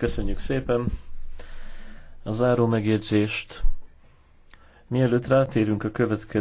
Köszönjük szépen a záró megjegyzést. Mielőtt rátérünk a következő